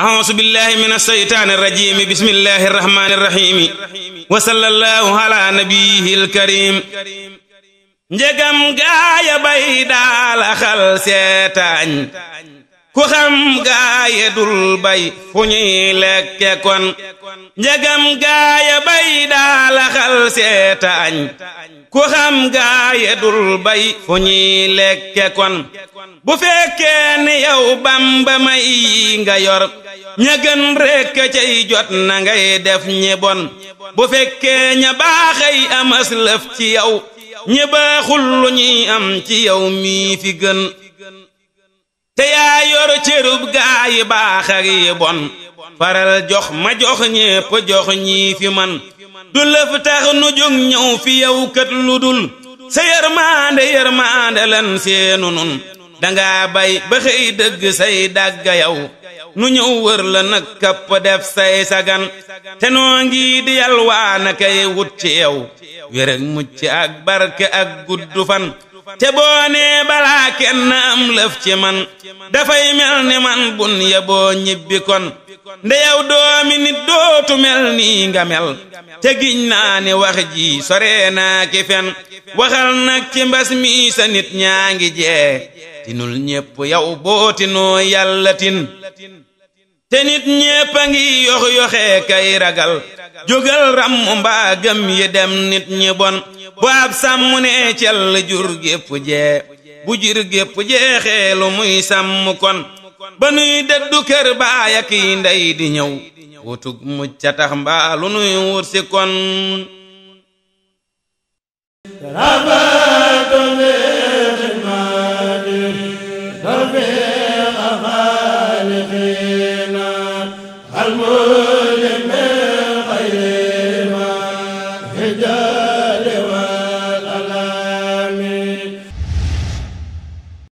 أعوذ بالله من الشيطان الرجيم بسم الله الرحمن الرحيم وصلى الله على نبيه الكريم njëgam gaaya bay daal xal seetaañ ku xam gaaya dul bay fu ñuy lekke kon njëgam gaaya seeta añ ku xam gaaye dul bay fu ñuy lekke kon bu fekkee ni yow bamba may nga yor ña gën rekk cay jot na def ñi bon bu fekkee ña baaxay amas lëf ci yow ñi baaxul lu ñuy am ci yow mii fi gën te yaa yor cërub gaa yi yi bon faral jox ma jox ñépp jox ñii man du lëf tax nu jóg ñëw fi yow kat lu dul sa yërmaande yërmaande lan seenu nun dangaa bay ba xëy dëgg say dàgga yow nu ñëw wër la nag kapp def say sagan te noo ngi di yalwaa na kay wut ci yow wér ak mucc ak barke ak gudd fan te boo nee balaa kenn am lëf ci man dafay mel ni man bun ya boo ñibbi kon nde yow doomi nit doo dootu mel nii nga mel te ne wax ji sore naa ki fen waxal mbas mi sa nit ñaa ngi jee tinul ñépp yow bootinoo yàlla tin te nit ngi yox yoxe kay ragal jógal ram mbaa gëm yi dem nit ñi bon ab sàmm ne cell jur gépp jee bu jur gépp jeexee lu muy sàmm kon ba dëddu kër baaya kiy ndey di ñëw wutug mucc ca tax mbaa lu nuy wut si kon al mulk min xayri ma